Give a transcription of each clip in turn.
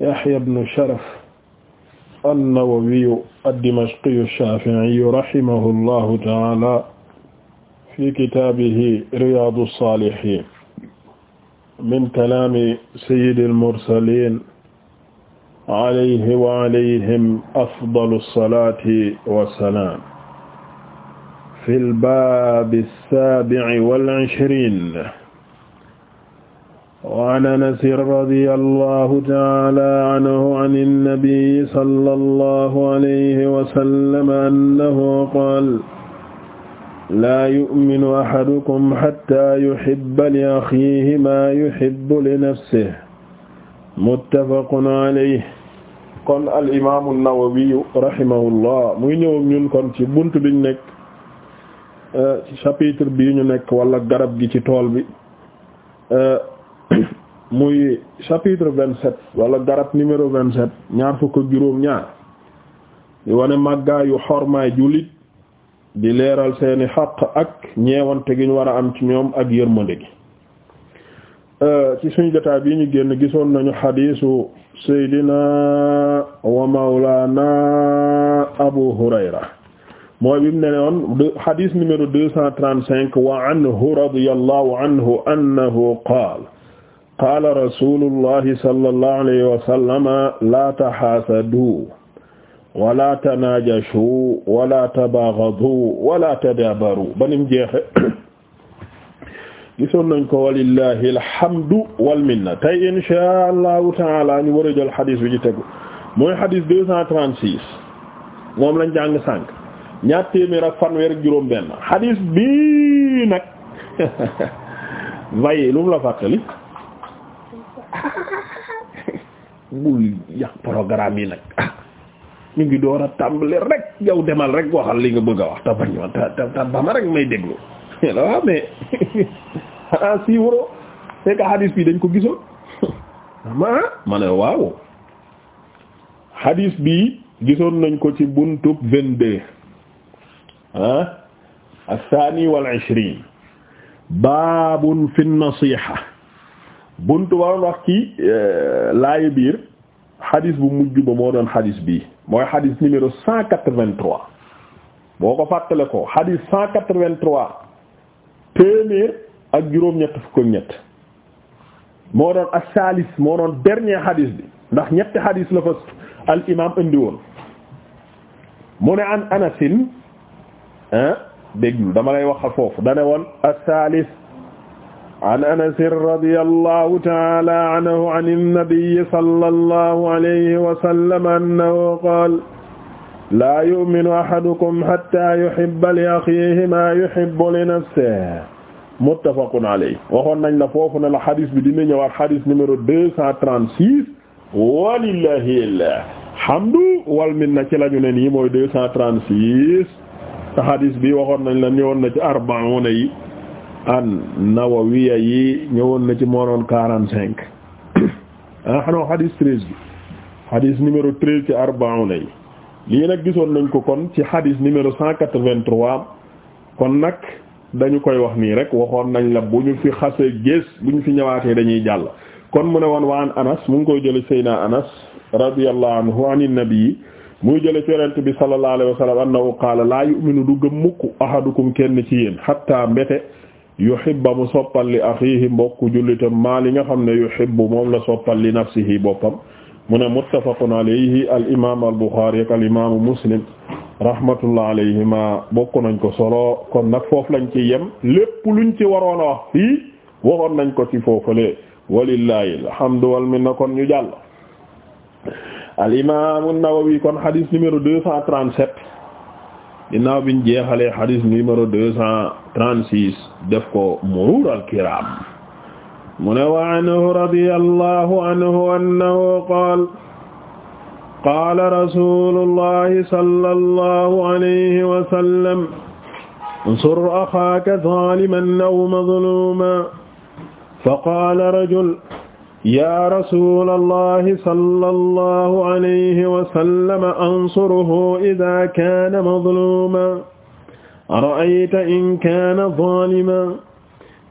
Yahya ibn Sharaf an-Nawawiyu ad-Dimashqiyu ash-Shafi'iyu rahimahullahu ta'ala fi kitaabihi Riyaadu as-Saalihiin min kalaami sayyidil mursaliin alayhi wa alayhim afdalu as-salaati was-salaam fil baabi as-saabi'i wal ishriin waan anasin radia allahu taala aanhu an alnabiyi sala allahu alayhi wasallama annahu qaal laa yuminu axadukum xatta yuxiba li axiihi maa yuxibu li nafsih muttafaqun alayh kon alimamu nnawawiyu rahimahullah muy ñëw ñun kon ci bunt biñ nekk euh, ci chapitre bii ñu nekk wala garab gi ci tool bi euh, muy chapitre vingt-sept wala garab numéro vingt-sept ñaar fukk ak juróom ñaar di wane màggaayu xormaay jullit di leeral seeni xaq ak ñeewante gi ñu war a am ci ñoom ak yërmande gi euh, ci suñu jotaay bi ñu génn gisoon nañu xadiisu Seydina wa Mawlana Abu Hurayra mooy bi mu ne woon xadiis numéro deux wa anhu radiyallahu anhu annahu qaala qaala rasulullahi sallallahu alayhi wa sallama laa taxaasadu wala tanaajashu wala tabaagadu wala tadaabaru banim jeexe gisoon nañ ko walillahi alhamdu wal minna tey inshaa allahu taala ñu war a jël xadis bi ci tegu mooy xadis deux cent trente-six moom lañ jàng sànq ñaar téeméer ak fanweer ak juróom benn xadis bi nag vaye lu mu la fàttali bul yàq programme yi nag ñu ngi door a tàmbali rek yow demal rek waxal li nga bëgg a wax te bañ ma ta ta ba ma rek may déglu la waaw xanaa si wuro c'est que bi dañ ko gisoon ma ma ne waaw hadis bi gisoon nañ ko ci buntub vingt-deux ah as-saani wal baabun fi nasiha buntu waroon wax ci euh, laaya biir xadis bu mujj ba moo doon xadis bii mooy xadis numéro cent quatre-vingt-trois boo ko fàttale ko xadis cent quatre-vingt-trois téeméer ak juróom-ñett fukk ak ñett moo doon ak salis moo doon dernier xadis bi ndax ñetti xadis la fa al imam indi woon mu ne an anasin ah déglu dama lay waxal foofu dane woon ak salis an anasin radi allahu taala anhu an annabiyi sala allahu alayhi wasallam annahu qaal laa yuminu ahadukum xatta yuhibba li axiihi maa yuhibbu li nafsihi muttafaqun alayhi waxoon nañ la foofu ne la xadis bi dina ñëwaat xadis numéro deux cent trente-six walillahi alhamdu wal minna ci lañu ne nii mooy deux cent trente-six te xadis bi waxoon nañ la ñëwoon na ci arbauna yi nawa nawawiya yi ñëwoon na ci moonoon quarante cinq ah xanaa xadis bi xadis numéro treize ci arbauna yi lii nag gisoon nañ ko kon ci xadis numéro cent quatre-vingt-trois kon nag dañu koy wax nii rek waxoon nañ la bu ñu fi xasee gés bu ñu fi ñëwaatee dañuy jàll kon mu ne woon wa an Anas mu ngi koy jële Seydina Anas radiyallahu anhu anin nabii muy jële ci yonent bi sallallahu alayhi wa sallam annahu qaala laa yu'minu du gëm mukk ahadukum kenn ci yéen hatta yuhibba mu soppal li axiihi mbokku jullitam maa li nga xam ne yuhibbu moom la soppal li nafsihi boppam mu ne muttafaqun alayhi al imaam al buxaari ak al imaamu muslim rahmatullah alayhima bokk nañ ko solo kon nag foofu lañ ci yem lépp luñ ci waroon a wax fii waxoon nañ ko ci foofule walillahi alhamdu wal minna ñu jàll al imaamu nawawi kon hadith numéro ginnaaw biñ jeexalee xadis numéro deux cent trente-six def ko muruur al kiram mu ne wa anhu radiyallahu anhu annahu qaal qaala rasulullahi sallallahu alayhi wa sallam unsur axaaka zaliman aw mazluman fa qaala rajul yaa rasuulallahi sallallahu alayhi wa sallam ansurhu idaa kaana mazluuman ara'ayta in kaana zaaliman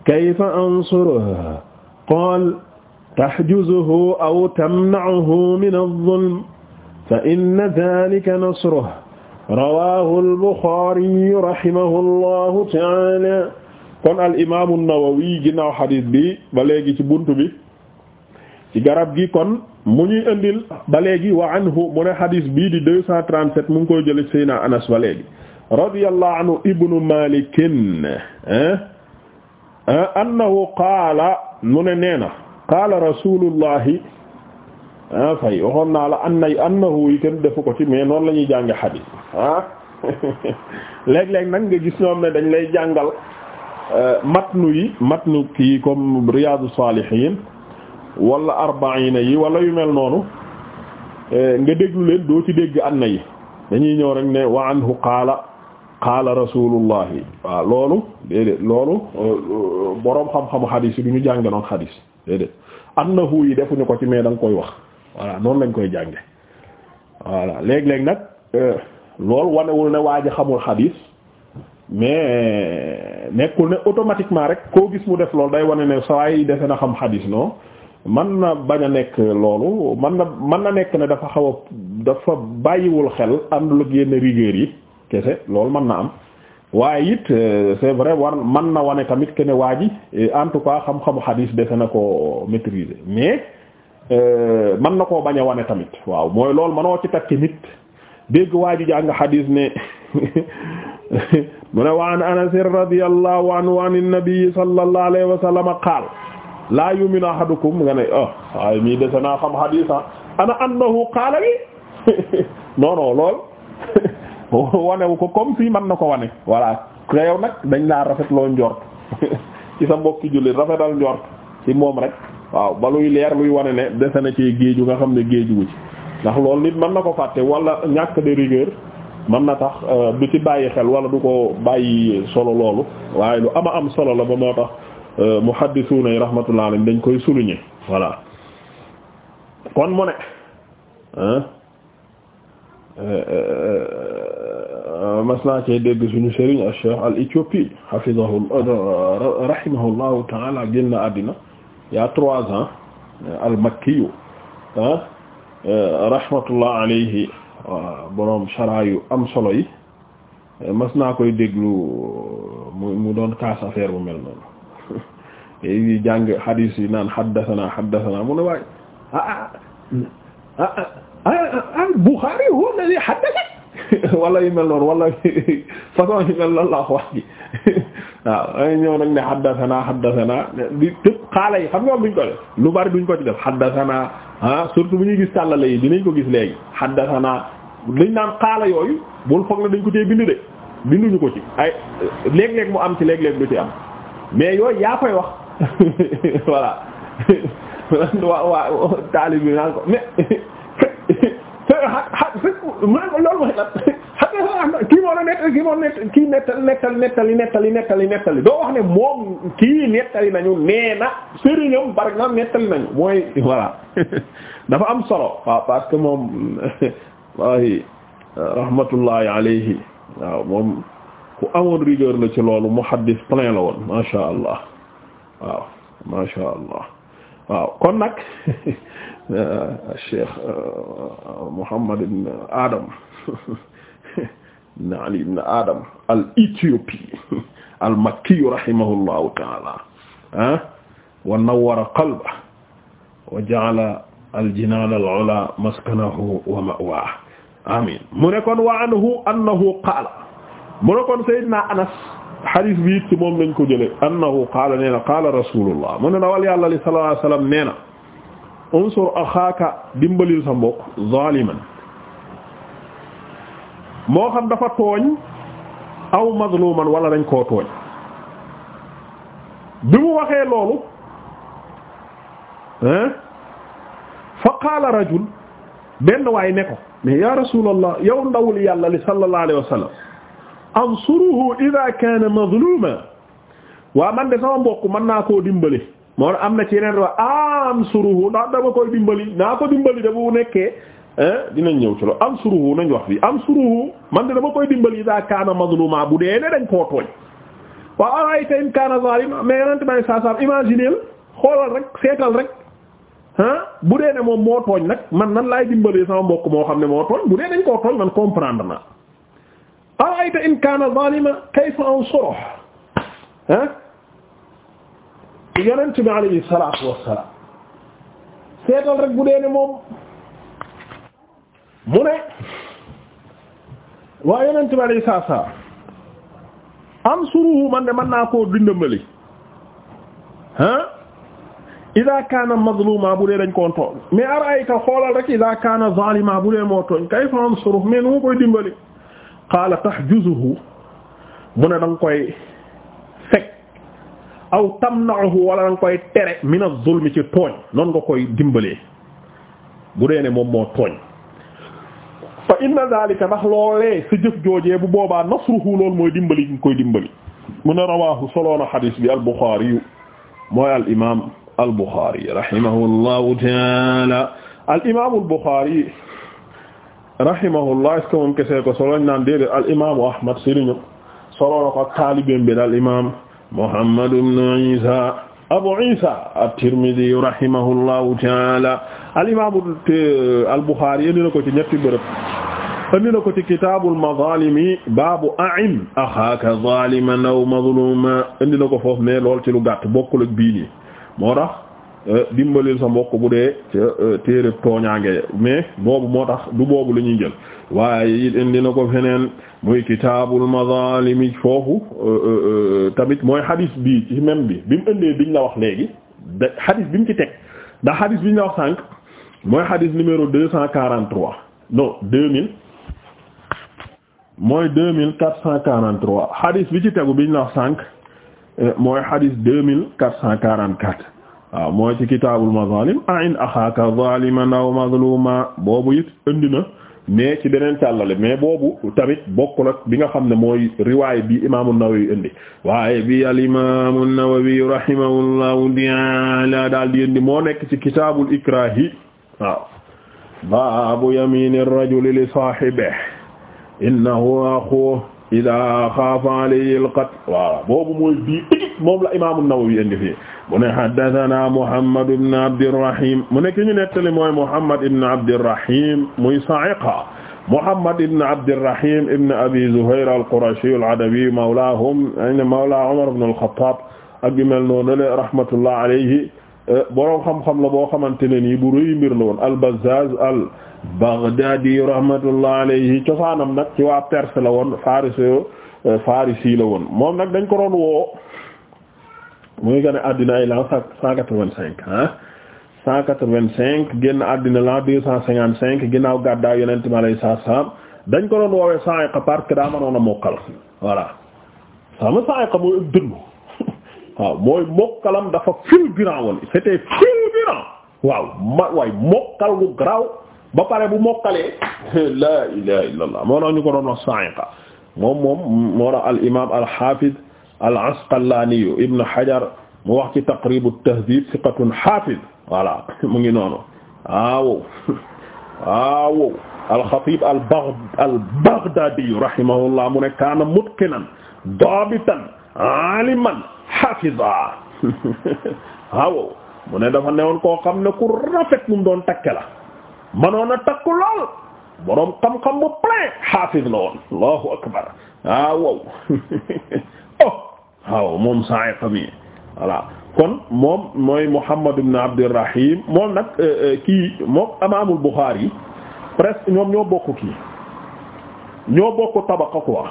kayfa ansurhu qaala tahjuzuhu aw tamna'uhu mina az-zulm fa inna dhaalika nasruhu rawaahu al-Buxaari rahimahullahu ta'aala kon al imaamu Nawawi ginnaaw xadiis bi ba léegi ci buntu bi. ci garab gi kon mu ñuy indil ba léegi wa anhu mu ne hadis bii di 237 mu ngi koy jële Seyna Anas ba léegi radiyallahu anhu ibnu malikin annahu qaala mu ne nee na qaala rasulullahi ah fay waxoon naa la an nay annahu yi kenn defu ko ci mais noonu lañuy ñuy jànge xadis ah léeg-léeg nag nga gis ñoom ne dañ lay jàngal euh, matnu yi matnu ki comme Riyadou Salihine wala arbaina yi wala yu mel noonu eh, nga déglu leen doo ci dégg anna yi dañuy ñëw rek ne wa anhu qaala qaala rasulullahi waa loolu déedéet loolu eh, boroom xam-xamu xadiis yi du ñu jànge noon xadiis déedéet annahu yi defuñu ko ci mais danga koy wax voilà noonu lañ koy jànge voilà léeg-léeg nag eh, loolu wanewul ne waa ji xamul xadiis mais nekkul ne automatiquement rek koo gis mu def loolu day wane ne saa yi defe na xam xadiis non man na bañ a nekk loolu man na man na nekk ne dafa xaw a dafa bàyyiwul xel am lu génn rigueur yi kese loolu mën na am waaye it euh, c'est vrai war man na wane tamit que ne waa ji euh, en tout cas xam-xamu xadiis defe na ko maîtriser mais euh, mën na koo bañ a wane tamit waaw mooy loolu manoo ci takki nit dégg waa ji jàng xadiis ne mu ne wa an Anas radiyallahu anhu an nabi sallallahu alayhi wa sallam xaal laa yuminu ahadukum nga ne ah waaye mii dese naa xam hadis ah, ana annahu qaala li non non lool wanewu ko comme fii man na ko wane voilà te yow nag dañ laa rafetloo njort ci sa mbokki jullit rafetal njort ci moom rek waaw ba luy leer luy wane ne dese na ci géeju nga xam ne géeju wu ndax loolu nit man na ko fàtte wala ñàkk de rigueur mën na tax euh, du ci bàyyi xel wala du ko bàyyi solo loolu waaye lu ama am solo la ba moo tax Euh, muhaddisuuna yi rahmatullah alayhim dañ koy souligner voilà kon mu ne euh, euh, mas naa cee dégg suñu sëriñ Cheikh al Éthiopie hafizahu rahimahullahu ta'ala génn àddina y'a trois ans al makkiyu ah rahmatullah alayhi borom shara yu am solo yi mas naa koy déglu mu mu doon kaas affaire bu mel noonu yi jàng hadis yi naan haddathana haddathana mu ne waaye ah ah ah, ah, ah, ah Bukhari huwa alladhi haddatha yu mel noonu wala façon yu mel noonu la wax ji waaw ay ñëw nag ne haddathana haddathana di tëb xaala yi xam nga buñ ko def lu bari duñ ko ci def haddathana ah surtout bu ñuy gis tàllale yi dinañ ko gis léegi haddathana dañ naan xaala yooyu bul foog na dañ ko tee bind de binduñu ko ci ay léeg-léeg mu am ci léeg-léeg du ci am mais yooyu yaa koy wax voilà taalib bi naan ko mais kii moo la nettali kii moo nettali kii nettali nettali nettali doo wax ne moom kii nettali nañu nee na sëriñam par exemple nettali nañu mooy voilà dafa am solo waaw parce moom waaye rahmatullahi alayhi waaw moom ku amoon rigueur la ci loolu muhaddis plein la woon masha allah waaw masha allah waaw kon nag ah, Cheikh ah, Muhammad ibn Adam ibn Ali ibn Adam al-Éthiopi al-Makki rahimahullahu ta'ala ah wa nawwara qalbahu wa ja'ala al-jinaan al-'ulaa maskanahu wa ma'waahu amiin mu ne kon wa anhu annahu qaala mu ne kon Seydina Anas xadiis bi it moom lañ ko jële annahu qaala nee na qaala rasulullah mu ne dawal yàlla li sallallahu alayhi wasallam nee na dimbalil sa mbokk zaliman moo xam dafa tooñ aw mazluman wala dañ koo tooñ bi mu waxee loolu hein fa qaala rajul benn waay ne ko mais ya rasulallah yow ndawul yàlla li sallallahu alayhi wasallam ansuruhu ida kaana mazluma waa man de sama mbokk mën naa koo dimbali moo am na ci yeneen re ansuruhu ndax dama koy dimbali naa ko dimbali da bu nekkee dinañ ñëw ci loolu ansuruhu nañ wax bi ansuruhu man de dama koy dimbali ida kaana mazluma bu dee ne dañ koo tooñ waaw arayta in kaana zalima mais yenente may saa sam imaginer xoolal rek seetal rek ah bu dee ne moom moo tooñ nag man nan laay dimbalee sama mbokk moo xam ne moo tooñ bu dee dañ koo tooñ man comprendre na ara'ayta in kaana zaalima kayfa ansuruhu ah yonent bi alayhi salaatu wassalaam seetal rek bu dee ne moom mu ne waa yonent bi alayhi salaatu wassalaam ansuruhu man de mën naa koo dindambali ah idaa kaana mazluuma bu dee dañ koo tooñ mais ara'ayta xoolal rek idaa kaana zaaliman bu dee moo tooñ kayfa ansuruhu mais nu mu koy dimbali qaala tahjuzuhu mu ne da nga koy fekk aw tamna'uhu wala da nga koy tere min az-zulmi ci tooñ noonu nga koy dimbalee bu dee ne moom moo tooñ fa inna zalika ndax loolee sa jëf joojee bu boobaa nasruhu loolu mooy dimbali nga koy dimbali mu ne rawahu soloona xadis bi al-Buxaari mooy al imam al-Buxaari rahimahullahu taala al imam al-Buxaari rahimahullah est-ce que moom kese ko soloñ naan déedéet al imaamu Ahmad sëriñu solo na ko ak taalibeem bi al imaam Muhammad ibn Isa Abu Isa at-Tirmidhi rahimahullahu ta'ala al imaamu euh, al-Bukhari indi na ko ci ñetti bërëb indi na ko ci kitaabul mazaalimi baabu a'in axaaka zaaliman aw mazluuman indi na ko foofu ne lool ci lu gàtt bokkul ak bii nii moo tax Euh, dimbalil sa mbokk bu dee ca euh, téere tooñaange mais boobu moo tax du boobu la ñuy jël waaye it indi na ko feneen muy kitaabul mazalimi foofu euh, tamit mooy hadis bi ci même bi bi mu indee biñ la wax léegi da hadis bi mu ci teg ndax hadis biñ la wax sànq mooy hadis numéro deux cent quarante trois non deux mille mooy deux mille quatre cent quarante trois hadis bi ci tegu biñ la wax sànq mooy hadis deux mille quatre cent quarante quatre waaw mooy ci kitaabul mazalim ain axaaka zaliman aw mazluma boobu it indi na mais ci beneen càllale mais boobu tamit bokkul ak bi nga xam ne mooy riwaay bi imaamu Nawawi indi waaye bi al imaamu Nawawi rahimahullahu ta'ala daal di indi moo nekk ci kitaabul ikraahi waaw baabu yamini rajuli li saahibihi innahu axuhu idaa xaafa alayhi al-qatl waaw boobu mooy bii moom la imaamu Nawawi indi fii mu ne haddathana Muhammad ibn Abdirrahim mu ne ki ñu nettali mooy Muhammad ibn Abdirrahim muy Sa'iqa Muhammad ibn Abdirrahim ibn Abi Zuhayr al-Qurashi al-Adawi mawlaahum mawla Umar ibn al-Khattab ak bi mel noonu le rahmatullah alayhi boroom xam-xam la boo xamante ne nii bu rëy mbir la woon al-Bazzaz al-Baghdadi rahmatullah alayhi cosaanam nag ci waa Perse la woon Faris Farisi la woon moom nag dañ ko doon woo mu ngi gën a addina ay lan cent quatre-vingt-cinq ah cent addina lan deux cent cinquante-cinq ginnaaw gàddaay yonent mi dañ ko doon woowee Sa'iqa parce que daa mënoon a mokkal voilà sama Sa'iqa mooy dënnu waaw mooy mokkalam dafa fulgurant woon c'était fulgurant waaw ma waay mokkal bu garaaw ba pare bu mokkalee la ilaha illallah moo tax ñu ko doon wax moom moom moo al imaam al hafiz al-Asqalaani ibn Hajar mu wax ci Taqrib at-Tahdhib thiqatun hafiz voilà mu ngi noonu waaw waaw al-Khatib al-Baghdadi rahimahullah mu ne kaana mutqinan daabitan aliman hafiza waaw mu ne dafa newoon koo xam ne ku rafet mu doon takke la manoon a takku lool boroom xam-xam bu plein hafiz la woon allahu akbar waaw oh waaw moom sa'iqa bi kon moom mooy Muhammad ibn Abdirrahim moom nag euh, euh, kii moom imaamul Buxaari yi presque ñoom ñoo bokk kii ñoo bokk tabaqa quoi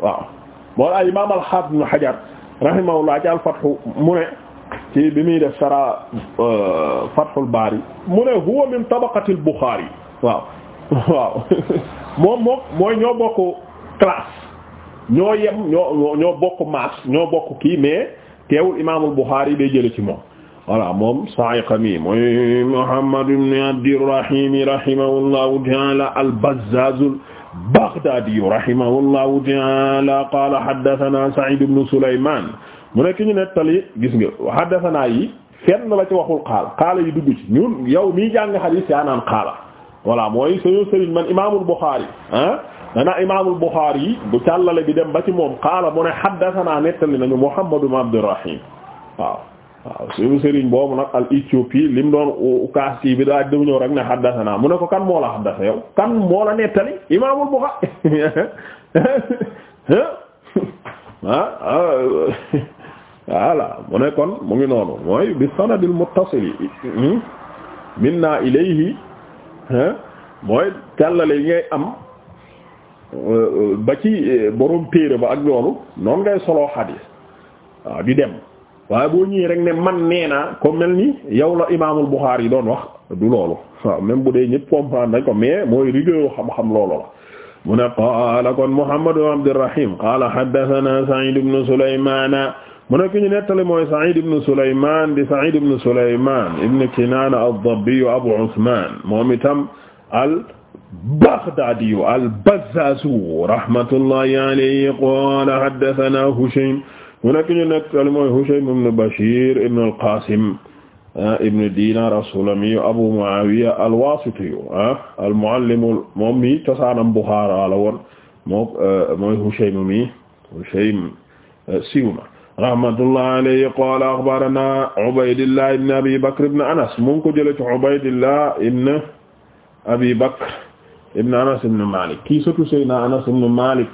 waaw moo ay imaam al-Haafiz ibn Hajar rahimahullah ci al-Fath mu ne bi muy def sara euh, Fathul Baari mu ne huwa min tabaqatil Buxaari waaw moom moom mooy ñoo bokk ñoo yem ñoo ñoo bokk maas ñoo bokk kii mais teewul imaamul Buxaari day jële ci moom voilà moom sa'iqa mi mooy Muhammad ibn Abdirrahim rahimahullahu ta'ala al-Bazzaz al-Baghdadi rahimahullahu ta'ala qala haddathana Sa'id ibn Sulayman mu nekk ñu nettali gis nga haddathana yi fenn la ci waxul xaala xaala yi dugg ci ñun yow mii jàng mooy sëriñ man imaamul Buxaari ah dana imaamul Buxaari yi bu càllale bi dem ba ci moom qaala mu ne haddasanaa nettali nañu Muhammad ibn Abdurrahim waaw waaw suñu sëriñ boobu nag al Éthiopie lim doon kaas kii bi daa dem ñëw rek ne haddasanaa mu ne ko kan moo la haddasa yow kan moo la nettali imaamul Buxaari ah voilà mu ne kon mu ngi noonu mooy bi sanadil muttasili hmm? minna ilayhi mooy càllale yi ngay am. Euh, ba ci euh, borom téere ba ak yoonu noonu ngay soloo xadiis di dem waaye boo ñëwee rek ne man nee naa ko mel ni yow la imaamul Buxaari yi doon wax du loolu waaw bu dee ñëpp comprendre nañ ko mais mooy rigueur xam-xam loolu la mu ne qaala kon Muhammad ibn Abdirrahim qaala haddathana Sa'id ibn Sulaymaan mu ne ki ñu nettali mooy Sa'id ibn Sulaymaan di Sa'id ibn Sulaymaan ibn Kinaana ad-Dabbi Abu Usmaan moom itam al Baghdaadiyu al-Bazzaazu rahmatullahi alayhi qaala haddathanaa Hushaym mu nekk ñu nekk mooy Hushaym ibn Bashiir ibn al-Qaasim ah, ibn Diinaar as-Sulamiyu Abu Mu'aawiya al-Waasitiyu ah, al-muallimu moom mi cosaanam Buxaara la woon ah, mooy Hushaym mi Hushaym siiw na rahmatullahi alayhi qaala akhbaranaa Ubaydullah ibn Abi Bakr ibn Anas mu ngi ko jëlee ci Ubaydullah ibn abi bakr ibn anas ibn malik kii surtout sayyidina anas ibn malik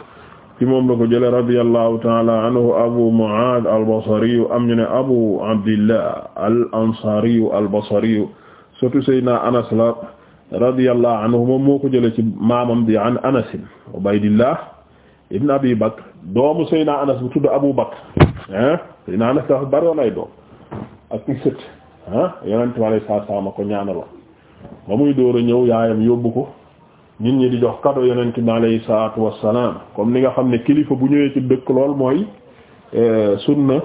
ci moom la ko jële radiyallahu taala anhu abu mu'ad al-basri am ñu ne abu abdillah al-ansari al-basri surtout sayyidina anas la radiyallahu anhu moom moo ko jële ci maamam di an anas ubaydillah ibn abi bakr doomu sayyidina anas bu tudd abu bakr ah sayyidina anas dafa bari woon ay doom ak i sët ah yonent bi alayhi salaatu wa salaam ko ñaanaloon ba muy door ñëw yaayam yóbbu ko nit ñi di jox kado yonent bi alayhi salaatu wassalaam comme ni nga xam ne kilifa bu ñëwee ci dëkk lool mooy euh, sunna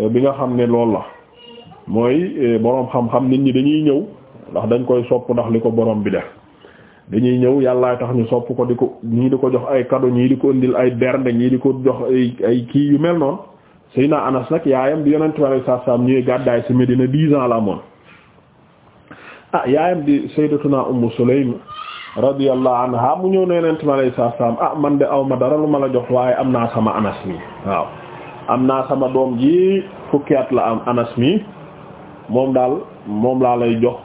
euh, bi nga xam ne lool la mooy euh, boroom xam-xam nit ñi dañuy ñëw ndax dañ koy sopp ndax li ko boroom bi def dañuy ñëw yàllaa tax ñu sopp ko di ko ñii di ko jox ay kado ñii di ko indil ay bernde ñii di ko jox ay ay kii yu mel noonu na Anas nag yaayam bi yonent bi alayhi salaatu wassalaam ñëwee gàddaay ci Medina dix ans la amoon ah yaayam di sayyidatuna ummu sulaym radiyallahu anha mu ñëw ne yonent mi alayhi salaam ah man de aw dara lu ma la jox waaye am naa sama anas mi waaw am naa sama doom ji fukki la am anas mi moom daal moom laa lay jox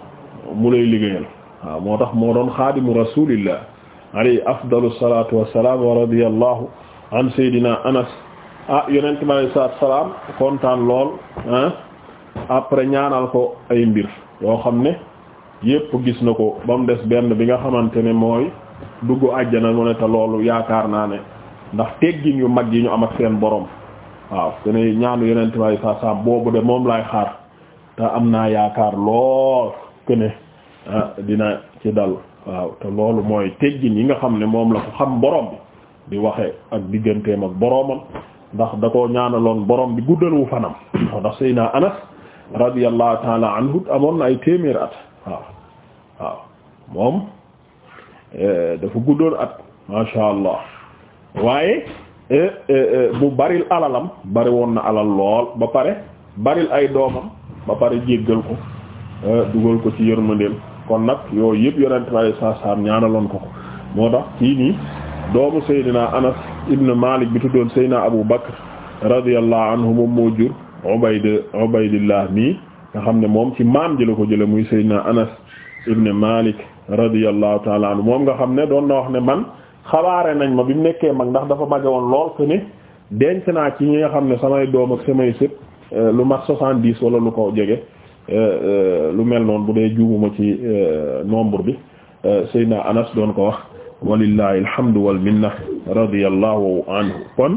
mu lay liggéeyal waaw moo tax moo doon xaadimu rasulillah alayhi afdalu salatu wassalam wa radiyallahu an sayyidina anas ah yonent mi alayhi salaam kontaan lool ah après ñaanal ko ay mbir yoo xam ne yépp gis na ko ba mu des benn bi nga xamante ne mooy dugg àjjana mu ne te loolu yaakaar naa ne ndax teggin yu mag yi ñu am ak seen boroom waaw te ne ñaanu ti may sa boobu de moom laay xaar te am naa yaakaar lool que ne ah, dina ci dal waaw te loolu mooy teggin yi nga xam ne moom la ko xam borom bi di waxe ak digganteem ak boromam ndax da koo ñaanaloon borom bi guddalu fanam ndax Seydina Anas radiyallahu taala anhu amoon na ay téeméer waaw waaw moom eh, dafa guddoon at masha allah waaye mu eh, eh, baril alalam bari woon na alal lool ba pare baril ay doomam ba pare jéggal ko dugal ko ci yërmandeem kon nag yooyu yëpp yonent bi alayhi salaatu ñaanaloon ko ko moo tax kii nii doomu Seydina Anas ibn Malik bi tuddoon Seydina Abu Bakr radiyallahu anhu moom moo jur Ubayd Ubaydillah mii nga xam ne moom ci maam ji ko jële muy Seydina Anas ibn Malik radiyallahu taala anhu moom nga xam ne doon na wax ne man xabaare nañ ma bi mu nekkee mag ndax dafa mage woon lool que ne denc naa ci ñi nga xam ne samay doom ak samay sët euh, lu mat soixante-dix wala lu ko jege euh, euh, lu mel noonu bu dee juumuma ci nombre bi Seydina Anas doon ko wax walillahi alhamdu wal minna radiyallahu anhu kon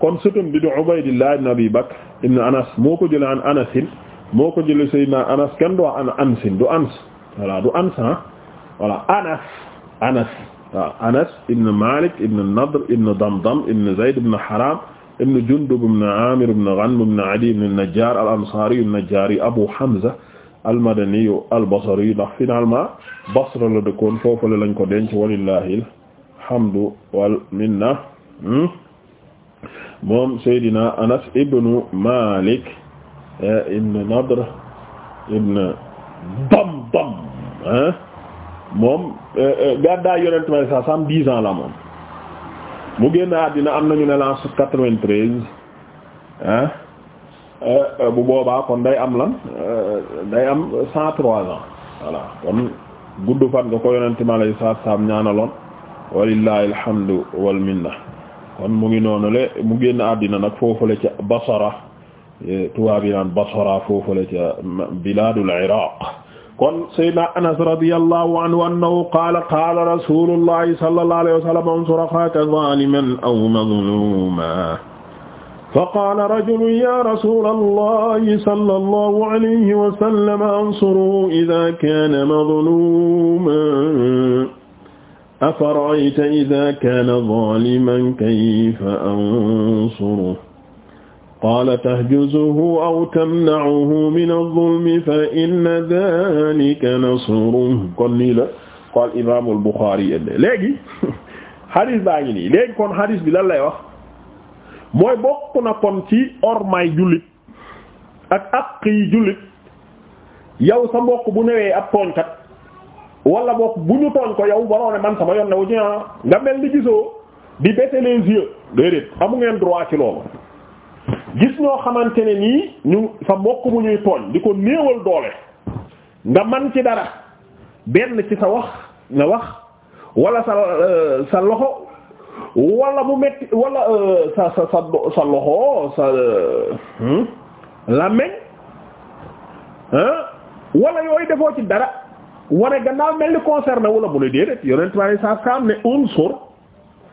kon sëtam bi di Ubaydillah ibn Abi Bakr ibn Anas moo ko jële an Anasin moo ko jëlee Seydina Anas kenn du ana Ansin du Ans voilà du Ans ah voilà Anas Anas waaw Anas ibn Malik ibn Nadr ibn Damdam ibn Zayd ibn Haram ibn Jundub ibn Amir ibn Ghanm ibn Adi ibn Najjar al-Ansari an-Najjari Abu Hamza al-Madani al-Basri ndax finalement Basra la dëkkoon foofale lañ ko denc walillahi alhamdu wal minna hmm? moom Seydina Anas ibn Malik Eh, ibn Nadr ibn Damdam moom eh, eh, gàddaay yonent may sa sam dix ans la moom mu génn àddina am nañu ne l'an quatre-vingt-treize hein bu boobaa kon day am lan day am cent trois ans voilà kon gudd fan nga ko yonent ma lay saat saam ñaanaloon walillahi alhamdu wal kon mu ngi noonu le mu génn àddina nag foofule ca Basra tubaab yi naan Basra foofu la ca bilaadul Iraq kon Seydina Anas radiyallahu anhu annahu qaala qaala rasuulullahi sallallahu alayhi wa sallam unsur axaaka zaaliman aw mazluuman fa qaala rajulun yaa rasuulallahi sallallahu alayhi wa sallam ansurhu izaa kaana mazluuman afara'ayta izaa kaana zaaliman kayfa ansurhu qaala tahjuzuhu aw tamna'uhu min az-zulmi fa inna dhaalika nasruhu nii la qaala imaam al-Buxaari ende léegi baa ngi nii léegi kon hadis bi lan lay wax mooy bokk kon ci ormaay jullit ak àq yi jullit yow sa mbokk bu newee ab tooñkat wala bokk bu ñu tooñ ko yow waroo ne man sama yoon ne wu ci ah. nga mel ni gisoo di baisser les yeux déedéet amu ngeen droit ci loolu gis ñoo xamante ne nii ñu sa mbokk mu ñuy tooñ di ko néewal doole nga man ci dara benn ci sa wax nga wax walla sa euh, sa loxo walla mu metti walla euh, sa sa sa sa loxo sa euh, hmm? làmmeñ wala yooyu defoo ci dara wane gannaaw mel ni concerné wala mu ne déedéet yonent bari sa saam ne unsur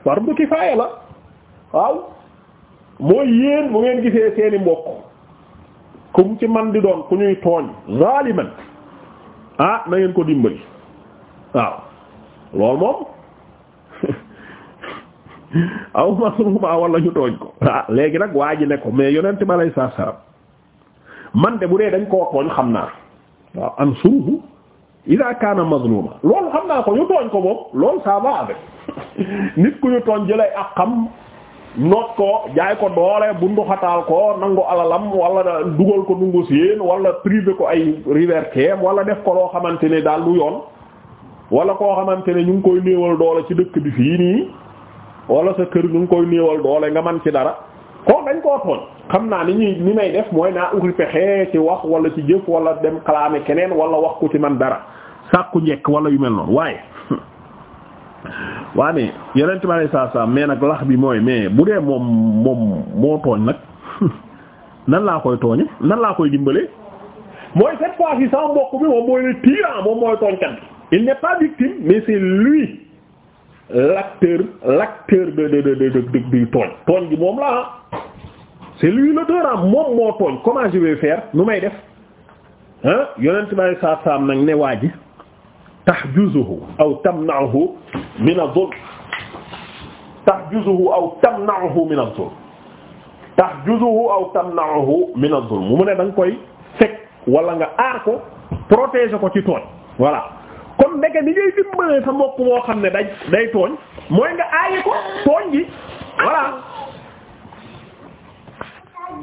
fardu kifaaya la waaw mooy yéen bu ngeen gisee seeni mbokk kum ci man di doon ku ñuy tooñ zaliman ah na ngeen ko dimbali waaw loolu moom aw masruma wala ñu tooñ ko ah léegi nag waa ji ne ko mais yonent ba lay saa saram man de bu dee dañ koo tooñ xam naa waaw am suruhu ida kaana mazluma loolu xam naa ko ñu tooñ ko moom loolu ça va nit ku ñu tooñ jëlay ak xam noot ko jaay ko doole bu bunduxataal ko nangu alalam wala dugal ko dungu siin wala privé ko ay liberté wala def ko loo xamante ne daal lu yoon wala koo xamante ne ñu ngi koy néewal doole ci dëkk bi fii nii wala sa kër ñu ngi koy néewal doole nga man ci dara ko dañ koo tooñ xam naa ni ñuy ni may def mooy naa uri pexe ci wax wala ci jëf wala dem kalaame keneen wala wax ku ci man dara sàkku njekk wala yu mel noonu waaye waa mais yeneen i ma saa saa mais nag lax bi mooy mais bu dee moom moom moo tooñ nag nan laa koy tooñe nan laa koy dimbalee mooy cette fois ci sama mbokk bi moom mooy le tyran moom mooy tooñkat il n'est pas victime mais c'est lui la ah moom moo tooñ comment je vais nu may def ah yonent bi saa saa am nag ne waa ji tahjuzuhu aw tamna'uhu min adh-dhulm tahjuzuhu aw tamna'uhu min adh-dhulm tahjuzuhu aw tamna'uhu min adh-dhulm mu ne da koy fekk wala nga aar ko protéger ko ci tooñ voilà kon ndeke ni ngay dimbalee sa mbokk moo xam ne day day tooñ mooy nga aaye ko tooñ gi voilà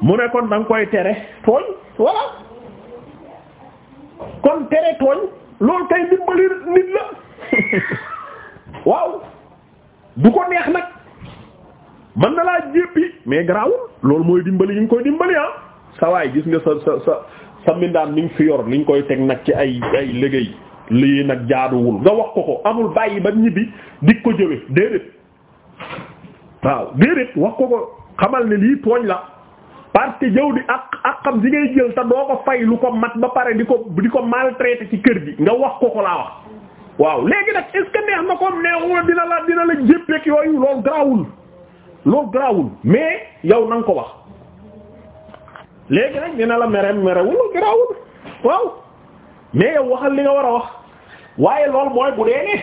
mu ne kon da koy tere tooñ voilà kon tere tooñ loolu kay dimbali nit la waaw du ko neex nag man na laa jéppi mais garaawul loolu mooy dimbali yi nga koy dimbali ah sa waay gis nga sa sa sa sa mbindaan ni nga fi yor li koy teg nag ci ay ay liggéey lii nag jaaduwul nga wax ko ko amul bàyyi ba ñibbi dik ko jëwe déedéet waaw déedéet wax ko ko xamal ne lii tooñ la parce que jëw di ak ak xam si ngay jël te doo ko fay lu ko mat ba pare di ko di ko maltraité ci kër gi nga wax ko ko laa wax waaw léegi nag est ce que neex na ko neexul dina la dina la jéppeek yooyu loolu garaawul loolu garaawul mais yow na ko wax léegi nag dina la mere merewul loolu garaawul waaw mais yow waxal li nga war a wax waaye loolu mooy bu dee ne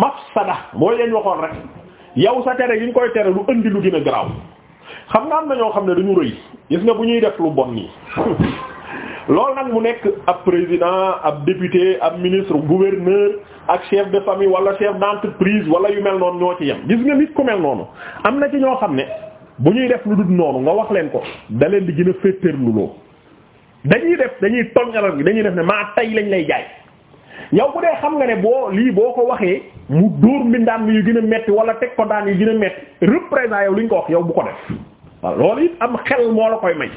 mafsada mooy lañ waxoon rek yow sa tere yi ñu koy tere lu indi lu gën a xam nga am na ñoo xam ne dañu rëy gis nga bu ñuy def lu bon nii loolu nag mu nekk ab président ab député ab ministre gouverneur ak chef de famille wala chef d'entreprise wala yu mel noonu ñoo ci yem gis nga nit ku mel noonu am na ci ñoo xam ne bu ñuy def lu dul noonu nga wax leen ko da leen di gën a féeteerluloo dañuy def dañuy toññalal gi dañuy def ne maa tey lañ lay jaay yow bu dee xam nga ne boo lii boo ko waxee mu dóor mbindaan mi yu gën a metti wala teg ko daan yu yow li ko wax yow bu ko waaw loolu it am xel moo la koy may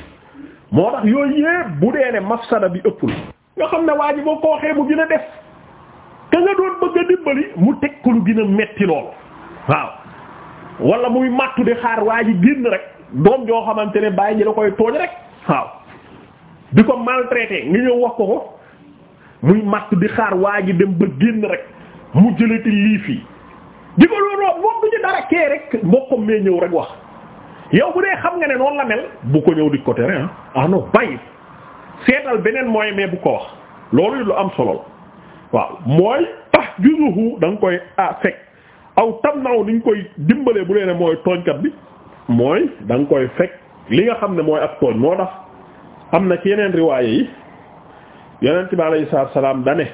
moo tax yooyu yëpp bu dee ne mafsada bi ëppul nga xam ne waa ji boo ko waxee mu gën a def ka nga doon bëgg a dimbali mu teg ko lu gën a metti loolu waaw wala muy màttu di xaar waa ji génn rek doom joo xamante ne bàyyi ji la koy tooñ rek waaw di ko maltraité nga ñëw wax ko ko muy màttu di xaar waa ji dem ba génn rek mu jëlati lii fii di ko loolu moom du ci dara kee rek mbokkam mee ñëw rek wax yow bu dee xam nga ne noonu la mel bu ko ñëw di ko tere ah non bàyyi seetal beneen mooy mais bu ko wax loolu lu am solo la waaw mooy tax juzuhu da koy ah fekk aw tam naw ni ñu koy dimbalee bu dee ne mooy tooñkat bi mooy da koy fekk li nga xam ne mooy ak tooñ moo tax am na ci yeneen riwaaye yi yonent bi alayhi salaatu salaam dane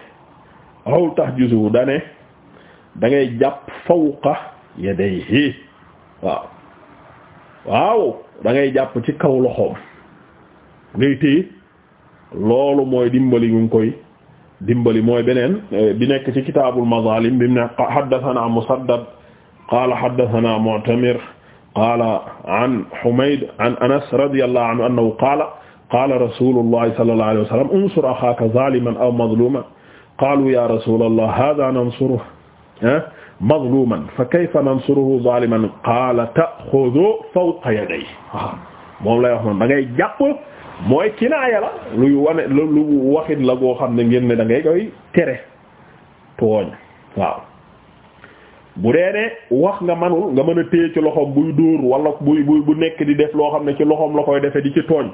aw tax juzuhu dane da ngay jàpp fawqa yadayhi waaw. waaw da ngay jàpp ci kaw loxoom ngay téye loolu mooy dimbali gu ngi koy dimbali mooy beneen eh, bi nekk ci kitaabul mazaalim bi mu ne haddathana musaddad qaala haddathana mu'tamir qaala an humayd an anas radiyallahu anhu annahu qaala qaala rasulullahi sallallahu alayhi wa sallam unsur axaaka zaaliman aw mazluuman qaalu ya rasulallah haadha nansuruhu eh? mazluman fa kayfa nansuruhu zaliman qaala ta'khudhu fawqa yadayhi waaw moom lay wax noonu da ngay jàpp mooy kinaaya la luy wane lu waxit la goo xam ne ngir ne dangay ngay koy tere tooñ waaw bu dee ne wax nga manul nga mën a téye ci loxoom buy dóor wala buy buy bu nekk di def loo xam ne ci loxoom la koy defe di ci tooñ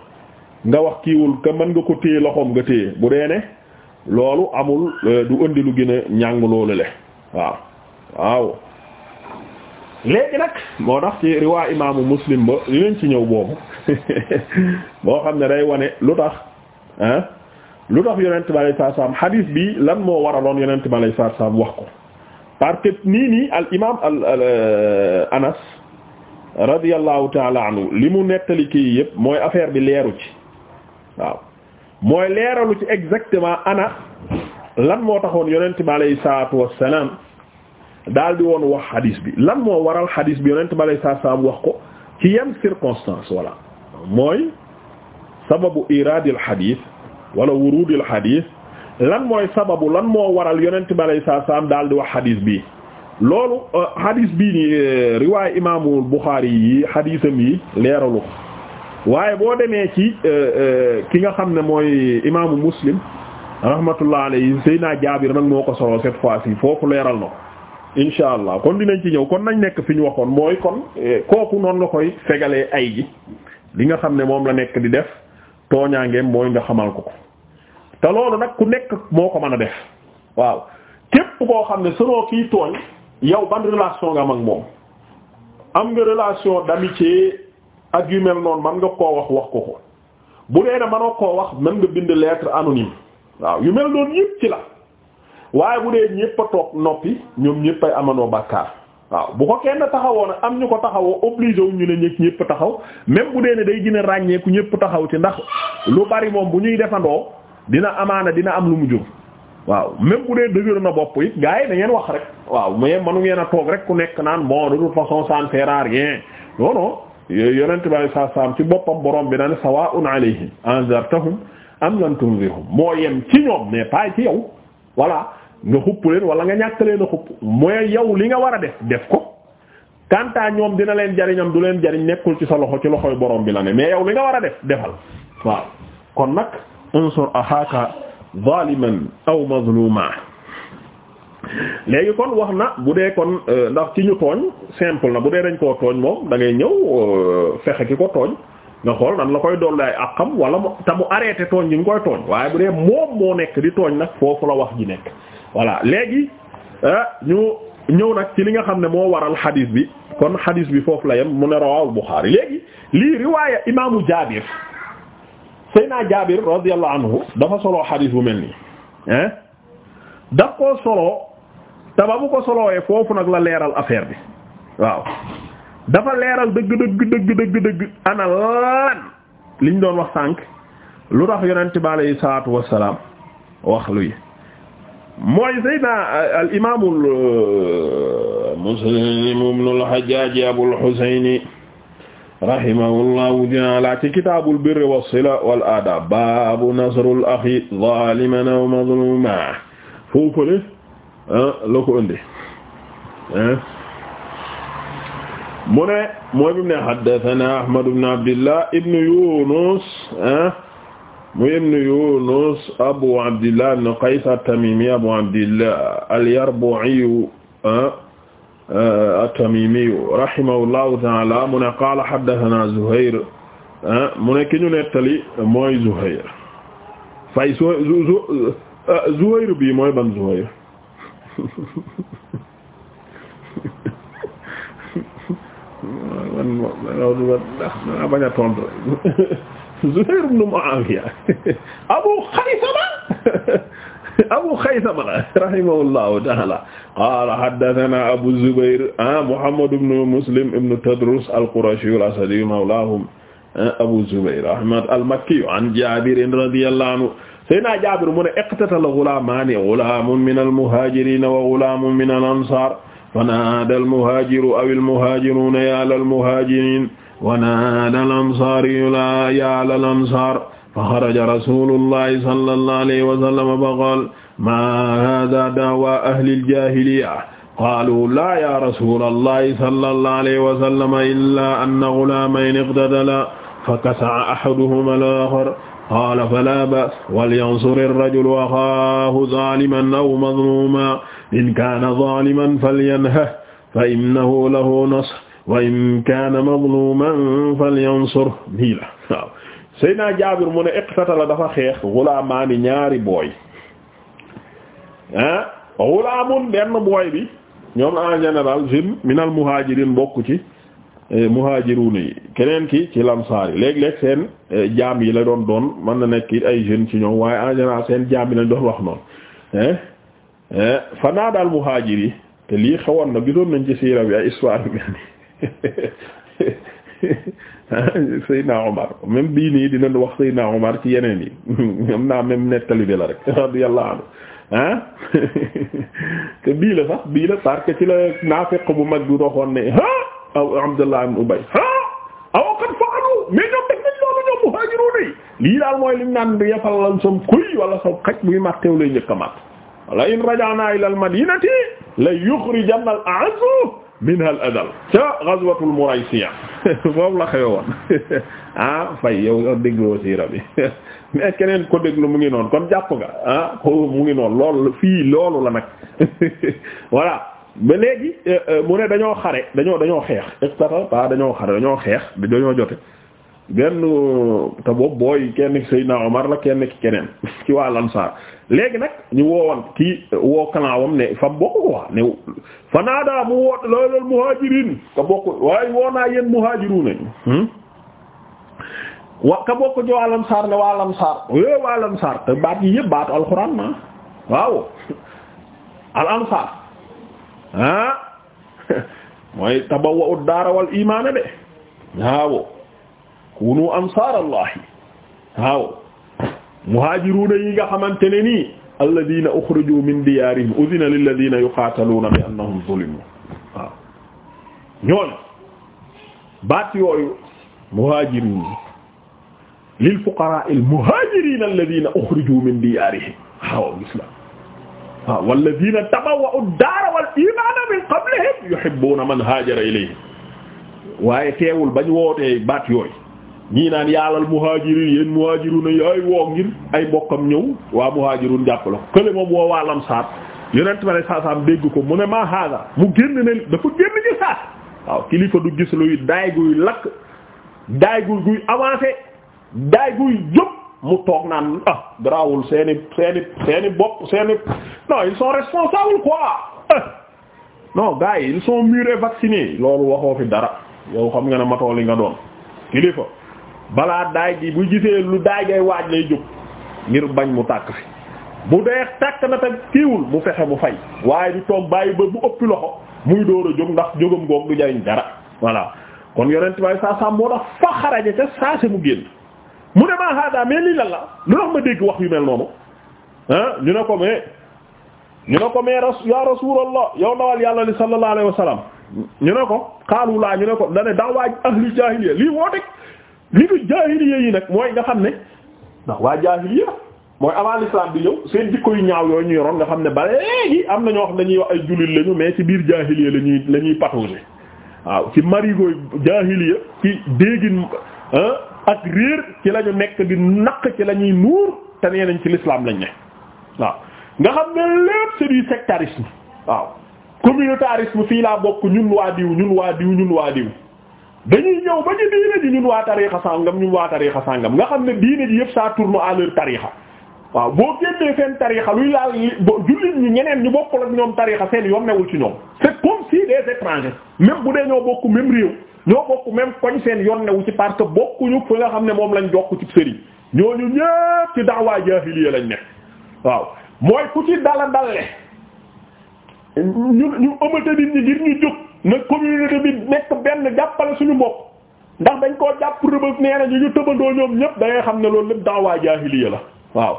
nga wax kiiwul que mën nga ko téye loxoom nga téye bu dee ne loolu amul euh, du indi lu gën a ñàng loolu le waaw waaw léegi nag moo tax ci riwaa imaamu muslim ba li leen ci ñëw boobu boo xam ne day wane lu tax ah lu tax yonent bi alayhi salaam hadith bi lan moo waraloon yonent bi alayhi salaatu salaam wax ko parce que nii nii al imaam al euh, anas radiyallahu taala anhu li mu nettali kii yëpp mooy affaire bi leeru ci waaw mooy leeralu ci exactement ana lan moo taxoon yonent bi alayhi salaatu wassalaam daal di woon wax xadiis bi lan moo waral xadiis bi yonent ma lay saa saam wax ko ci yan circonstance voilà mooy sababu iraadil xadiis wala wurudil xadiis lan mooy sababu lan moo waral yonent ma lay saa saam daal di wax xadiis bi loolu euh, xadiis bii ni euh, riwaay imaamul Buxaari yi xadiisam yi leeralu waaye boo demee ci euh, ki nga xam ne mooy imaamu Muslim rahmatullah alayhi Seydina Jaabir nag moo ko solo cette fois-ci foofu leeral na insha allah kon dinañ ci ñëw kon nañ nekk fi ñu waxoon mooy kon eh, kooku noonu nga koy fegalee ay ji li nga xam ne moom la nekk di def tooñaangeem mooy nga xamal ko ko te loolu nag ku nekk moo ko mën a def waaw képp koo xam ne sunoo kii tooñ yow ban relation nga am moom am nga relation d'amitié ak yu mel noonu man nga koo wax wax ko ko bu dee na mënoo koo wax mën nga bind lettre anonyme waaw yu mel noonu yëpp ci la waaye bu dee ñépp a toog noppi ñoom ñépp ay amandoo bàkkaar waaw bu ko kenn taxawoo taxawoon am ñu ko taxawoo obligé wu ñu ne ñëpp taxaw même bu dee ne day gën a ràññeeku ñépp taxaw ci ndax lu bari moom bu ñuy defandoo dina amaana dina am lu mu jur waaw même bu dee dëgër na bopp it gars yi da ngeen wax rek waaw mu mais manu ngeen a toog rek ku nekk naan moo de toute façon ça ne sert à rien non non yonent bi saa saam ci boppam borom bi na ne sawaa'un alayhim anzartahum am lam tunzirhum moo yem ci ñoom mais pas ci yow nga xupp leen wala nga ñàkk leen a xupp mooy yow li nga war a def def ko kantaa ñoom dina leen jariñam du leen jariñ nekkul ci sa loxo ci loxoy borom bi la ne mais yow li nga war a def defal waaw kon nag unsur axaaka zaliman aw mazluma léegi kon wax na bu dee kon euh, ndax ci ñu tooñ simple na bu dee dañ koo tooñ moom da ngay ñëw euh, fexe ki ko tooñ nga xool nan la koy dolli ay àqam wala te mu arrêté tooñ gi nga koy tooñ waaye bu dee moom moo nekk di tooñ nag foofu la wax ji nekk voilà léegi ah, ñu ñëw nag ci li nga xam ne moo waral xadis bi kon xadis bi foofu la yem mu ne rawaahu Buxaari léegi lii riwaaya imaamu Jaabir Seyna Jaabir radiyallahu anhu dafa solo xadis bu mel nii hein daf koo solo te ba mu ko solowee foofu nag la leeral affaire bi waaw dafa leeral dëgg dëgg dëgg dëgg dëgg ana lan doon wax sànq lu tax yonent bi alayhi salaatu wassalaam wax luy mooy Seydina al imaam euh, Muslim ibn al-Hajjaj Abul Husayn rahimahullahu ta'ala ci kitaabul birri was-sila wal adab baabu nasrul axi zaaliman aw mazluuman foofule ah, la ko indi ah. mu ne mooy bi mu ne haddathana Ahmad ibn Abdillah ibn Yunus ah, mu ibn Yunus Abu Abdillah ibn Qays at-Tamimi Abu Abdillah al-Yarbu'i at-Tamimi rahimahullahu ta'ala mu ne qaala haddathana Zuhayr mu ne ki ñu nettali mooy Zuhayr fay su zu Zuhayr bi mooy ban Zuhayr man man man bañ a tontu Zuhayr ibn Muawiya Abu Khaysama Abu Khaysama rahimahullahu ta'ala qala haddathana Abu Zubayr Muhammad ibn Muslim ibn Tadrus al-Qurashi al-Asadi mawlahum Abu Zubayr Ahmad al-Makki an Jabir radiyallahu anhu Sayyidina Jabir mu ne iqtatala ghulamaani ghulaamun min al-muhaajiriina wa ghulaamun min al-ansaar fanaadaa al-muhaajiru aw al-muhaajiruuna ya lil-muhaajiriin wanaada al-ansaariyu laa yaa ahlal ansaar fa xaraja rasuulullaahi sallallaahu alayhi wa sallama fa qaala maa haadaa da'waa ahlil jaahiliyya qaaluu laa yaa rasuulallaahi sallallaahu alayhi wa sallama illaa anna ghulaamayni iqtatalaa fakasa'a ahaduhumaa al-aakhar qaala falaa ba'sa walyansuri rajulu axaahu zaaliman aw mazluuman in kaana zaaliman falyanhah fa innahu lahu nasr wa in kaana mazluman falyansur nii la waaw Seydina Jaabir mu ne iqtatala dafa xeex gulaamaani ñaari booy ah gulaamun benn booy bi ñoom en général jeune minal muhaajiriin bokk ci eh, muhaajiruun yi keneen ki ci lamsaar yi léeg-léeg seen eh, jaam yi la doon doon mën na nekk ay jeune ci ñoom waaye en général seen jaam yi lañ doon wax noonu eh, fanaa daal muhaajir yi te lii xawoon na gisoon nañ ci siira bi ay histoire bi Seydina Omar même bii nii dina wax Seydina Omar ci yeneen yi am naa même nettali bi la rek radiyallahu anhu ah te bii la sax bii la la naafiq bu mag bi doxoon ne ah aw Abdullah fa'alu mais ñoom def nañ loolu ñoom lii daal mooy lim naan di yafal lan kuy wala sam xaj buy matteew lay njëkk a mat wala in raja'na ila al madinati la yukhrijanna al a'azzu min al adal ca ghazwatul muraysiya moom la xewe woon ah fay yow dégloo siira bi mais keneen ko déglu mu ngi noonu kon jàpp nga ah mu ngi noonu loolu fii loolu la nag voilà ba léegi euh, euh, mu ne dañoo xare dañoo dañoo xeex extata pas dañoo xare dañoo xeex dañoo jote benn booy kenn ki Seydina Omar la kenn ki keneen ci waa Ansaar léegi nag ñu woowoon ki woo kanaawam ne fa bokk quoi ne fanaadaa mu woo loolal muhaajiriin ka bokk waaye woo naa yéen muhaajiruun nañu. Hmm? wa ka bokk ci waa Ansaar ne waa Ansaar yooyu waa Ansaar te baat yi yëpp baatu alxuraan ma waaw al ansaar ah mooy tabawwa'u daara wal iimaana de waaw. kunu ansaar allahi waaw muhaajiruuna yi nga xamante ne nii alladina uxrijuu min diyaarihim udina lilladina yuqaataluuna bi annahum zulimu waaw ñoon baat yooyu muhaajiruun lil fuqaraa al muhaajiriina alladina uxrijuu min diyaarihim waaw gis la waaw walladina tabawwa'u daara wal iimaana min qablihim yuhibbuuna man haajara ilayhim waaye teewul bañ wootee baat yooyu ñii naan yàllal muhaajiriin yéen muhaajiruun ay ay woo ngir ay bokkam ñëw waa muhaajiruun jàpp la kële woo waa lamsaar yonent ma ne saasaam dégg ko mu ne maa haaga mu génn ne dafa génn ci saas waaw kilifa du gis luy daay guy lakk daay guy guy avancé daay guy jóg mu toog naan ah garaawul seeni seeni seeni bopp seeni non ils sont responsables quoi ah non gars yi ils sont mûrs loolu waxoo fi dara yow xam nga matoo li nga doon kilifa balaa daay ji bu gisee lu daay gay waaj lay jóg ngir bañ mu tàkk fi bu dee tàkk na tamit kiiwul mu fexe mu fay waaye du toog bàyyi ba bu ëpp loxo muy dóor a jóg ndax jógam goog du jariñ dara voilà kon yonent bay saa saa moo tax fa xaraja ca saa si mu génn mu ne maa hada mais lii lan la lu tax ma dégg wax yu mel noonu ah ñu ne ko mais ñu ne ko mais ya rasulallah yow nawal yàlla li sallallahu alayhi wa ñu ne ko xaalu ñu ne ko da ne li du jaahiliya yi nag mooy nga xam ne ndax waa jaahiliya mooy avant l'islam bi ñëw seen jikko yu ñaaw yooyu ñu yoroon nga xam ne ba léegi am na ñoo xam ne dañuy wax ay jullit lañu mais ci biir jaahiliya la ñuy la ñuy patauger waaw ci marigooy jaahiliya ci déegin ak réer ci la ñu nekk di naq ci la ñuy nuur te nee nañ ci l'islam lañ ne waaw nga xam ne lépp c'est du waaw communautarisme fii laa bokk ñun waa diw ñun waa diw ñun waa diw dañuy ñëw ba ñu diine ji ñun waa tariixa sàngam ñun waa tariixa sàngam nga xam ne diine ji yëpp ça tourne à leur tariixa waaw boo génnee seen tariixa luy laal jullit ñi ñeneen ñu bokk ak ñoom tariixa seen yoon newul ci ñoom c'est comme si des étrangers même bu dee ñoo bokk même réew ñoo bokk même koñ seen yoon ci parce que bokkuñu fa nga xam ne moom lañ jokk ci sëriñ ñooñu ñëpp ci da'wa jaahiliya lañ nekk waaw mooy ku ci dala dalle ñu ñu ëmmata ne communauté nekk benn jàppale suñu mbokk ndax dañ koo jàpp rëbës nee na ñu ñu tëbandoo ñoom ñëpp da ngay xam ne loolu lépp daawaa jaahiliya la waaw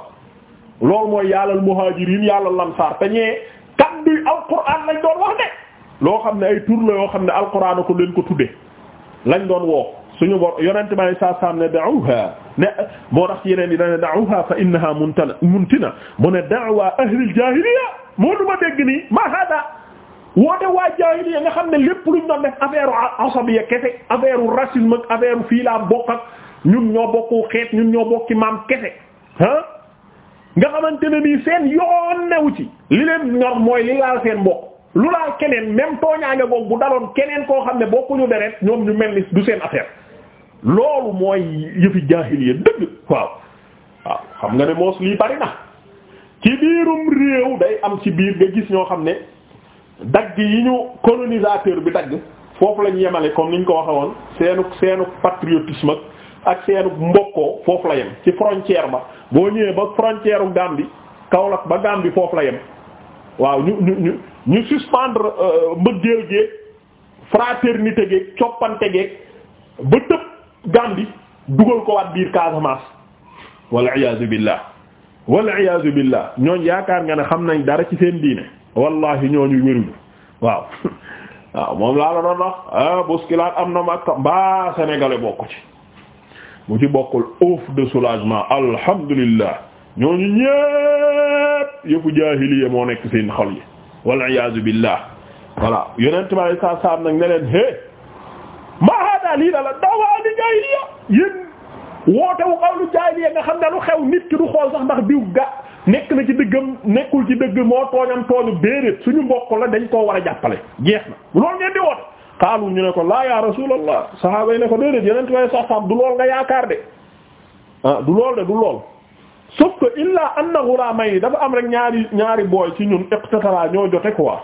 loolu mooy yàllal muhaajiriin yàllal lamsaar te ñee kadduy alquran lañ doon wax de loo xam ne ay tur la yoo xam ne alquran ko leen ko tuddee lañ doon woo suñu bor yonente bi saa saam ne da'uha ne moo tax yeneen yi dane da'uha fa innaha muntina muntina mu ne da'wa ahlil jaahiliya moo duma dégg nii ma hada woote waa jaahiliya nga xam ne lépp luñ doon def affaire asabiya kese affaire racisme ak fii laa bokk ak ñun ñoo bokku xeet ñun ñoo bokki maam kese ah nga xamante ne nii seen yoon newu ci li leen ñor mooy li laal seen mbokk lu laal keneen même tooñaange boog bu daloon keneen koo xam ne bokkuñu deret ñoom ñu mel ni du seen affaire loolu mooy yëfi jaahiliya dëgg waaw waaw xam nga ne moos lii bari na ci biirum réew day am ci biir nga gis ñoo xam ne dagg yi ñu colonisateur bi dagg foofu lañ yemale comme ni ñu ko waxe woon seenu seenu patriotisme ak seenu mbokkoo foofu la yem ci frontière ba boo ñëwee ba frontière u Gambie Kaolack ba Gambie foofu la yem waaw ñu ñu ñu ñu suspendre euh, mbëggeel géeg fraternité géeg coppante géeg ba tëb Gambie dugal ko waat biir Casamance wal iyaazu billah wal iyaazu billah ñooñ yaakaar nga ne xam nañ dara ci seen diine wallahi ñooñu wéruñu waaw waaw moom laa la doon wax ah, am na makka mbaa sénégalais bokku ci mu ci bokkul ouf de alhamdulillah ñooñu ñépp yëfu jaahiliya moo nekk seen xol wal iyaazu billah voilà yonent ma lay saa saam ne leen hé maa hada lii dala daawaa di woote wu xawlu jaahiliya nga xam ne lu xew nit ki du xool sax ndax diw ga nekk na ci dëggam nekkul ci dëgg moo tooñam tooñu déedéet suñu mbokk la dañ ko war a jàppale jeex na loolu ngeen di woote xaalu ñu ne ko laa ya rasulallah sahaaba yi ne ko déedéet yeneen way sax saam du lool nga yaakaar de ah du lool de du lool sauf que illa anna ghulamayn dafa am rek ñaari ñaari booy ci ñun iqtatala ñoo jote quoi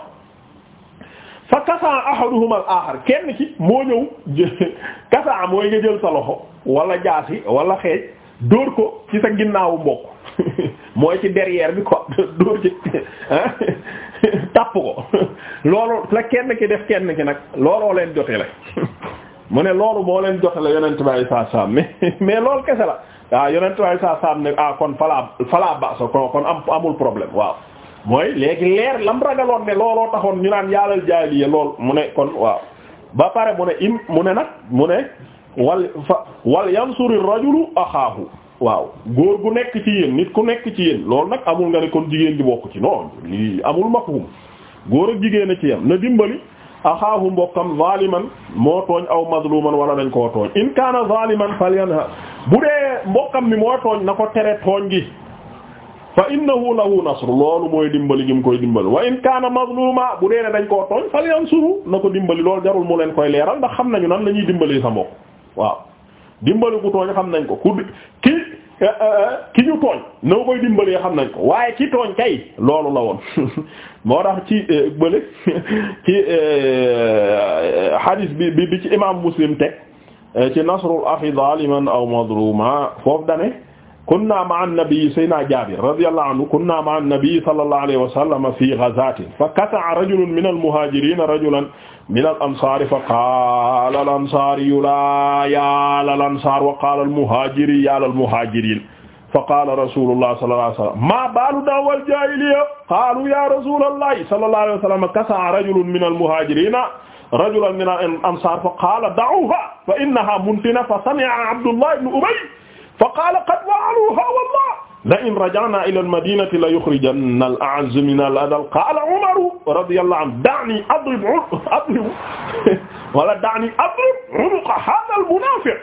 fa kasaa ahaduhuma al axar kenn ci moo ñëw kasaa mooy nga jël sa loxo wala jaasi wala xeej dóor ko ci sa ginnaawu mbokk mooy ci derrière bi ko dóor ci ah tàpp ko loolu la kenn ki def kenn ki nag looloo leen jotele mu ne loolu moo leen jotele yonent bi saa mais mais loolu kese la waaw ah, yonent bi saa saam ne ah, kon falaa falaa baso kon am amul problème waaw mooy léegi leer lam ragaloon ne looloo taxoon ñu naan yàllal jaahiliya lool mu ne kon waaw ba pare mu ne im mu ne nag mu ne wal fa wal yansuri rajulu axaahu waaw góor gu nekk ci yéen nit ku nekk ci yéen loolu nag amul nga ne kon jigéen gi bokk ci non lii amul mafhum góor ak jigéen a ci yam na dimbali axaahu mbokkam zaliman moo tooñ aw mazluman wala dañ koo tooñ in kaana zaliman falyanha bu dee mbokkam mi moo tooñ na ko tere tooñ gi fa innahu lahu nasr loolu mooy dimbali gi mu koy dimbali wa in kaana mazluma bu dee ne dañ koo tooñ fal yansuru na ko dimbali loolu jarul mu leen koy leeral ndax xam nañu nan la ñuy dimbali sa mbokk waaw dimbali ku tooñ xam nañ ko ku ki eh, eh, eh, ki ñu tooñ na koy dimbalee xam nañ ko waaye ci tooñ kay loolu la woon moo tax ci bële ci hadis bi bi ci imam muslim teg ci nasrul axi zaliman aw mazluma foofu dane kunna ma'a an-nabi sayyidina Jaabir radiyallahu anhu kunna ma'a an-nabi sallallahu alayhi wa sallam fi ghazaatin fa kata'a rajulun mina al-muhaajiriina rajulan mina al-ansaari fa qaala al-ansaariyu laa yaa al-ansaar wa qaala al-muhaajiri yaa al-muhaajiriin fa qaala rasuulullahi sallallahu alayhi wa sallam maa baalu da'wal jaahiliyya qaaluu yaa rasuulallahi sallallahu alayhi wa sallam kata'a rajulun mina al-muhaajiriina rajulan mina al-ansaar fa qaala da'uuhaa fa innahaa muntina fa sami'a Abdullah ibn Ubayy fa qaala qad fa'aluuha wallah la in raja'naa ila al-madiinati la yukhrijanna al-a'azzu mina al-adall qaala Umaru radiyallahu anhu da'nii adrib adrib wala da'nii adrib unuqa haadha al-munaafiq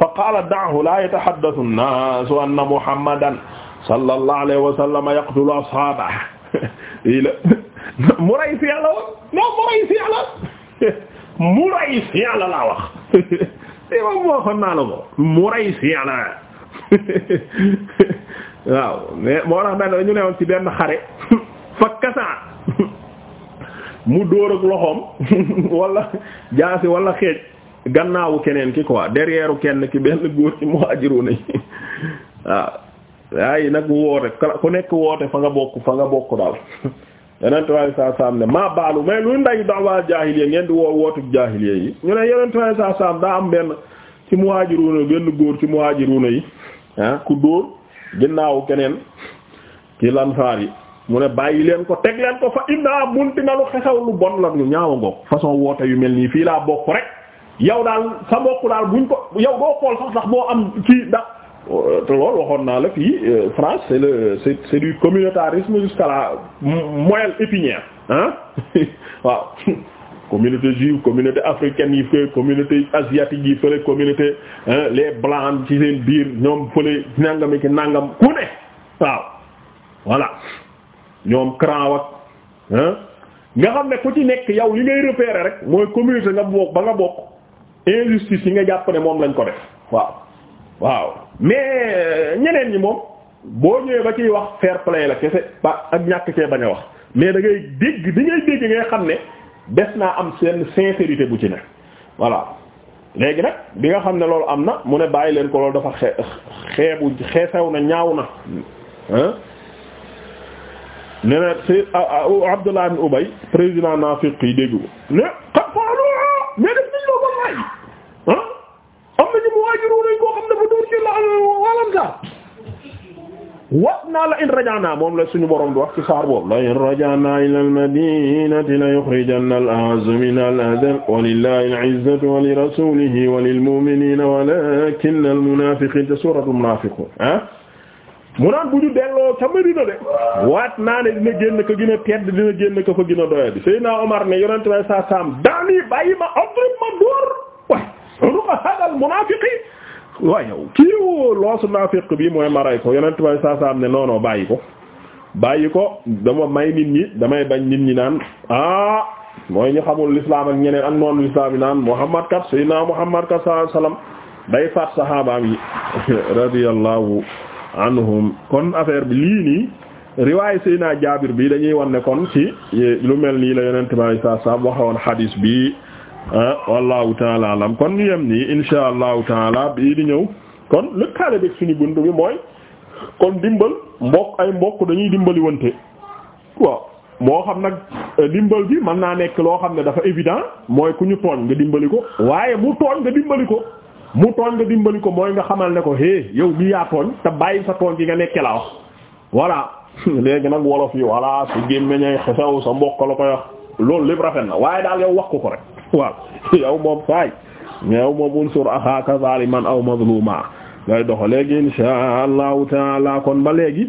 fa qaala da'hu laa yatahaddathu an-naasu anna Muhammadan sallallahu alayhi wa sallam yaqtulu ashaabahu mu rey si yàlla woon non mu rey si yàlla mu rey si yàlla laa wax. tey moom moo xam naa la ko mu rey si yàlla. waaw mais moo tax benn dañu newoon ci benn xare fa kasaa mu dóor ak loxoom wala jaasi wala xeej gannaawu keneen ki quoi derrière kenn ki benn góor ci muhajiruna yi waaw waaye nag mu woote ku nekk woote fa nga bokk fa nga bokk daal yonent waaye saa saam ne maa baalu mais daa nday dawaa jaahiliya ngeen di woo wootu jaahiliya yi ñu ne yonent waaye saa saam daa am benn ci muhajiruna benn góor ci muhajiruna yi ah ku dóor ginnaaw keneen ci lansaar yi mu ne bàyyi leen ko teg leen ko fa inna munti na lu xesaw lu bon la ñu ñaawa ngoog façon woote yu mel nii fii laa bokk rek yow daal sa mbokk daal buñ ko yow boo xool sax ndax boo am fii ndax te waxoon naa la fii euh, France c'est le c'est c'est du communautarisme jusqu'à la moelle épinière ah waaw communauté juive communauté africaine yi fële communauté asiatique yi fële communauté les blancs ci seen biir ñoom fële nangam ki nangam ku ne waaw voilà ñoom cran ak nga xam ne ku ci nekk yow li ngay repérer rek mooy communauté nga bokk ba nga bokk injustice yi nga jàpp ne moom lañ ko def waaw waaw mais euh, ñeneen ñi moom boo ñëwee ba ciy wax fair play la kese ba ak ñàkk cee bañ a wax mais da dégg di ngay dégg ngay xam ne des naa am seen sincérité bu ci ne voilà léegi nag bi nga xam ne loolu am na mu ne bàyyi leen ko loolu dafa xe xeebu xeesew na ñaaw na ne na si Abdullah ibn Ubay président naafiq yi dégg ko ne xat faalo mais def nañ loo ba waay ah koo xam ne ba dóor ci la walam sa wax naa la in rajaana moom la suñu borom di wax ci saar boobu la in rajaana ila almadinati la yuxrijanna al-a'azzu mina al-adhall wa lillahi al-'izzatu wa li rasulihi wa lil mu'minina walakinna al-munafiqina te suuratu munaafiqun ah mu naan bu ñu delloo ca Madina de waat naa ne dina génn ko gën a tedd dina génn ko fa gën a doya bi Seydina Omar ne yonente way sa sam daani bàyyi ma adrib ma dóor wa unuqa hada al-munaafiqi waaye yow kii woo loosu naafiq bi mooy maray ko yonent bay saa ne non bàyyi ko bàyyi ko dama may nit ñi damay bañ nit ñi naan ah mooy ñu xamul l'islam ak ñeneen ak noonu l'islam yi naan Muhammad kat sayyidina Muhammad kat sallallahu day faat saxaabaam yi radiyallahu anhum kon affaire bi lii nii riwaay sayyidina Jaabir bi dañuy wan ne kon ci lu mel nii la yonent bay saa saa xadiis bi Ah, wallahu taala alam kon yem nii insha allahu taala bii di ñëw kon lëkkaale bi suñu bunt bi mooy kon dimbal mbokk ay mbokk dañuy dimbali wante waaw xam nag eh, dimbal bi mën naa nekk loo xam ne dafa évident mooy ku ñu tooñ nga dimbali ko waaye mu tooñ nga dimbali ko mu tooñ nga dimbali ko mooy nga xamal ne ko hé yow mi yaa tooñ te bàyyi sa tooñ gi nga nekke la wax voilà léegi nag wolof yi voilà su gémmeñay xesaw sa mbokk la koy wax loolu lépp rafet na waaye daal yow wax ko ko rek waaw yow moom saay yow moom unsur axaaka zaliman aw mazluma ngay dox léegi insha allahu taala kon ba léegi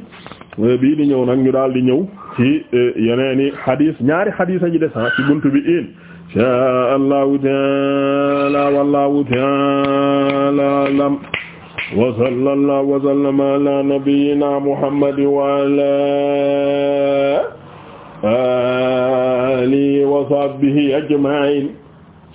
bii di ñëw nag ñu daal di ñëw ci e, yeneeni xadiis ñaari xadiis a ji des ah, ci buntu bi insha allahu taala wallahu taala alam wa sallallahu wa sallama ala nabiyyina muhammad wa ala alihi wa sahbihi ajma'in